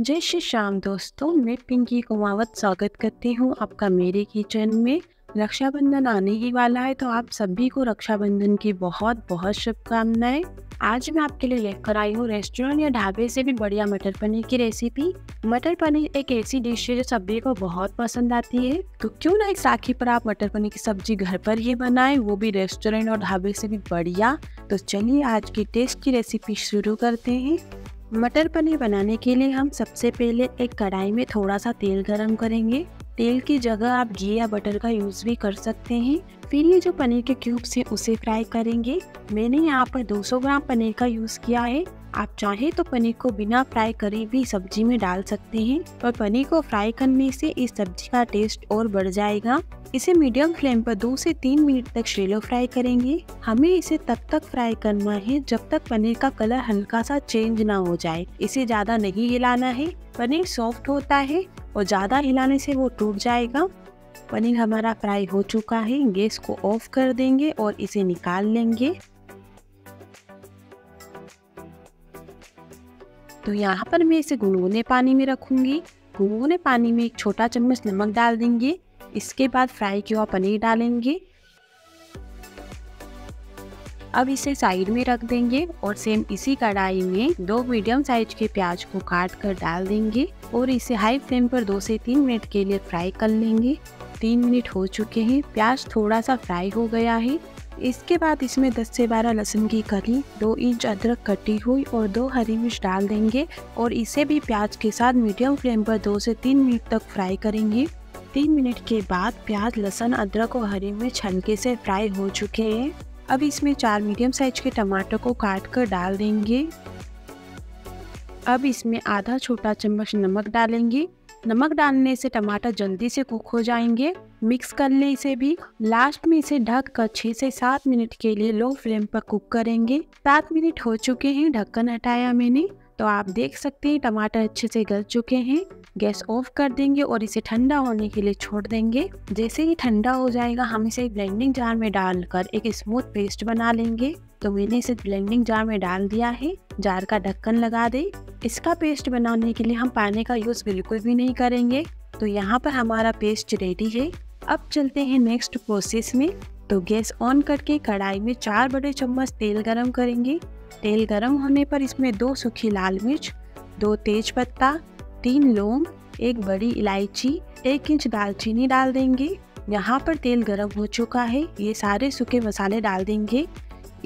जय श्री श्याम दोस्तों मैं पिंकी कुमावत स्वागत करती हूँ आपका मेरे किचन में रक्षाबंधन आने ही वाला है तो आप सभी को रक्षाबंधन की बहुत बहुत शुभकामनाएं आज मैं आपके लिए लेकर आई हूँ रेस्टोरेंट या ढाबे से भी बढ़िया मटर पनीर की रेसिपी मटर पनीर एक ऐसी डिश है जो सभी को बहुत पसंद आती है तो क्यों ना एक साखी पर आप मटर पनीर की सब्जी घर पर ही बनाएं वो भी रेस्टोरेंट और ढाबे से भी बढ़िया तो चलिए आज की टेस्ट की रेसिपी शुरू करते हैं मटर पनीर बनाने के लिए हम सबसे पहले एक कढ़ाई में थोड़ा सा तेल गरम करेंगे तेल की जगह आप घी या बटर का यूज़ भी कर सकते हैं फिर ये जो पनीर के क्यूब्स हैं उसे फ्राई करेंगे मैंने यहाँ पर 200 ग्राम पनीर का यूज़ किया है आप चाहें तो पनीर को बिना फ्राई करे भी सब्जी में डाल सकते हैं और पनीर को फ्राई करने से इस सब्जी का टेस्ट और बढ़ जाएगा इसे मीडियम फ्लेम पर दो से तीन मिनट तक शेलो फ्राई करेंगे हमें इसे तब तक फ्राई करना है जब तक पनीर का कलर हल्का सा चेंज ना हो जाए इसे ज़्यादा नहीं हिलाना है पनीर सॉफ्ट होता है और ज़्यादा हिलाने से वो टूट जाएगा पनीर हमारा फ्राई हो चुका है गैस को ऑफ कर देंगे और इसे निकाल लेंगे तो यहाँ पर मैं इसे गुनगुने पानी में रखूँगी गुनगुने पानी में एक छोटा चम्मच नमक डाल देंगे इसके बाद फ्राई किया हुआ पनीर डालेंगे अब इसे साइड में रख देंगे और सेम इसी कढ़ाई में दो मीडियम साइज के प्याज को काट कर डाल देंगे और इसे हाई फ्लेम पर दो से तीन मिनट के लिए फ्राई कर लेंगे तीन मिनट हो चुके हैं प्याज थोड़ा सा फ्राई हो गया है इसके बाद इसमें 10 से 12 लहसुन की कली दो इंच अदरक कटी हुई और दो हरी मिर्च डाल देंगे और इसे भी प्याज के साथ मीडियम फ्लेम पर दो से तीन मिनट तक फ्राई करेंगे तीन मिनट के बाद प्याज लहसुन अदरक और हरी मिर्च हल्के से फ्राई हो चुके हैं अब इसमें चार मीडियम साइज के टमाटर को काट कर डाल देंगे अब इसमें आधा छोटा चम्मच नमक डालेंगे नमक डालने से टमाटर जल्दी से कुक हो जाएंगे मिक्स कर लें इसे भी लास्ट में इसे ढक कर छः से सात मिनट के लिए लो फ्लेम पर कुक करेंगे सात मिनट हो चुके हैं ढक्कन हटाया मैंने तो आप देख सकते हैं टमाटर अच्छे से गल चुके हैं गैस ऑफ कर देंगे और इसे ठंडा होने के लिए छोड़ देंगे जैसे ही ठंडा हो जाएगा हम इसे ब्लेंडिंग जार में डालकर एक स्मूथ पेस्ट बना लेंगे तो मैंने इसे ब्लेंडिंग जार में डाल दिया है जार का ढक्कन लगा दे इसका पेस्ट बनाने के लिए हम पानी का यूज़ बिल्कुल भी नहीं करेंगे तो यहाँ पर हमारा पेस्ट रेडी है अब चलते हैं नेक्स्ट प्रोसेस में तो गैस ऑन करके कढ़ाई में चार बड़े चम्मच तेल गरम करेंगे तेल गर्म होने पर इसमें दो सूखी लाल मिर्च दो तेज पत्ता तीन लौंग एक बड़ी इलायची एक इंच दालचीनी डाल देंगे यहाँ पर तेल गर्म हो चुका है ये सारे सूखे मसाले डाल देंगे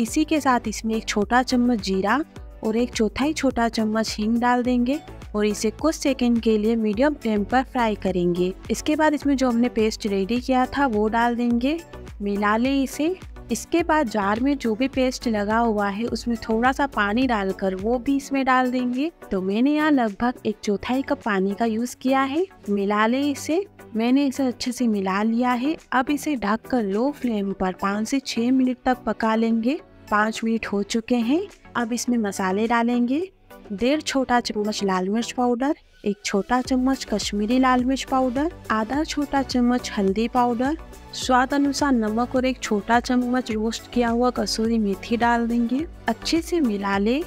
इसी के साथ इसमें एक छोटा चम्मच जीरा और एक चौथाई छोटा चम्मच हींग डाल देंगे और इसे कुछ सेकंड के लिए मीडियम फ्लेम पर फ्राई करेंगे इसके बाद इसमें जो हमने पेस्ट रेडी किया था वो डाल देंगे मिला ले इसे इसके बाद जार में जो भी पेस्ट लगा हुआ है उसमें थोड़ा सा पानी डालकर वो भी इसमें डाल देंगे तो मैंने यहाँ लगभग एक चौथाई कप पानी का यूज़ किया है मिला ले इसे मैंने इसे अच्छे से मिला लिया है अब इसे ढक कर लो फ्लेम पर पाँच से छह मिनट तक पका लेंगे पाँच मिनट हो चुके हैं अब इसमें मसाले डालेंगे डेढ़ छोटा चम्मच लाल मिर्च पाउडर एक छोटा चम्मच कश्मीरी लाल मिर्च पाउडर आधा छोटा चम्मच हल्दी पाउडर स्वाद अनुसार नमक और एक छोटा चम्मच रोस्ट किया हुआ कसूरी मेथी डाल देंगे अच्छे से मिला लें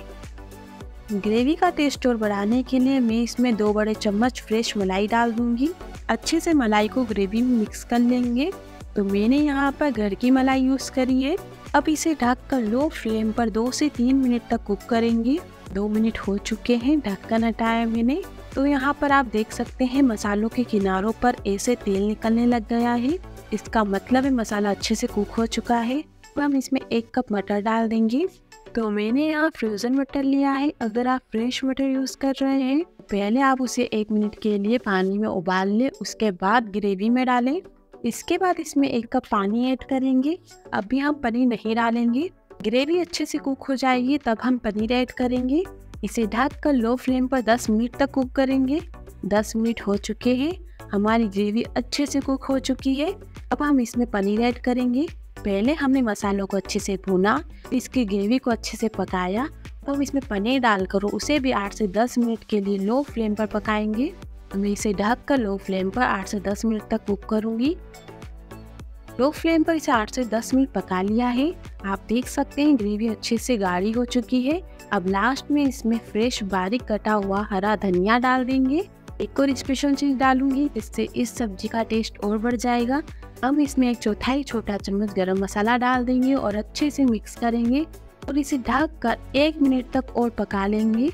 ग्रेवी का टेस्ट और बढ़ाने के लिए मैं इसमें दो बड़े चम्मच फ्रेश मलाई डाल दूंगी अच्छे से मलाई को ग्रेवी में मिक्स कर लेंगे तो मैंने यहाँ पर घर की मलाई यूज़ करी है अब इसे ढककर लो फ्लेम पर दो से तीन मिनट तक कुक करेंगे दो मिनट हो चुके हैं ढक्कन हटाया मैंने तो यहाँ पर आप देख सकते हैं मसालों के किनारों पर ऐसे तेल निकलने लग गया है इसका मतलब है मसाला अच्छे से कुक हो चुका है तो हम इसमें एक कप मटर डाल देंगे तो मैंने यहाँ फ्रोज़न मटर लिया है अगर आप फ्रेश मटर यूज़ कर रहे हैं पहले आप उसे एक मिनट के लिए पानी में उबाल लें उसके बाद ग्रेवी में डालें इसके बाद इसमें एक कप पानी ऐड करेंगे अभी हम पनीर नहीं डालेंगे ग्रेवी अच्छे से कुक हो जाएगी तब हम पनीर ऐड करेंगे इसे ढककर लो फ्लेम पर 10 मिनट तक कुक करेंगे 10 मिनट हो चुके हैं हमारी ग्रेवी अच्छे से कुक हो चुकी है अब हम इसमें पनीर ऐड करेंगे पहले हमने मसालों को अच्छे से भुना इसकी ग्रेवी को अच्छे से पकाया तो हम इसमें पनीर डालकर उसे भी 8 से 10 मिनट के लिए लो फ्लेम पर पकाएंगे मैं इसे ढक कर लो फ्लेम पर 8 से 10 मिनट तक कुक करूंगी लो फ्लेम पर इसे 8 से 10 मिनट पका लिया है आप देख सकते हैं ग्रेवी अच्छे से गाढ़ी हो चुकी है अब लास्ट में इसमें फ्रेश बारीक कटा हुआ हरा धनिया डाल देंगे एक और स्पेशल चीज़ डालूंगी जिससे इस सब्जी का टेस्ट और बढ़ जाएगा अब इसमें एक चौथाई छोटा चम्मच गरम मसाला डाल देंगे और अच्छे से मिक्स करेंगे और इसे ढक कर एक मिनट तक और पका लेंगे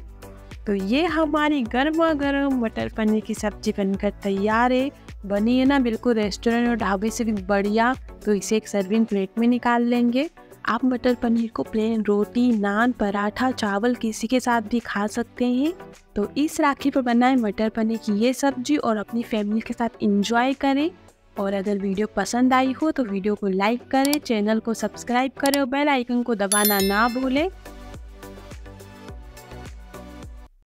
तो ये हमारी गर्मा गर्म मटर पनीर की सब्जी बनकर तैयार है बनी है ना बिल्कुल रेस्टोरेंट और ढाबे से भी बढ़िया तो इसे एक सर्विंग प्लेट में निकाल लेंगे आप मटर पनीर को प्लेन रोटी नान पराठा चावल किसी के साथ भी खा सकते हैं तो इस राखी पर बनाएं मटर पनीर की ये सब्जी और अपनी फैमिली के साथ इंजॉय करें और अगर वीडियो पसंद आई हो तो वीडियो को लाइक करें चैनल को सब्सक्राइब करें और बेल आइकन को दबाना ना भूलें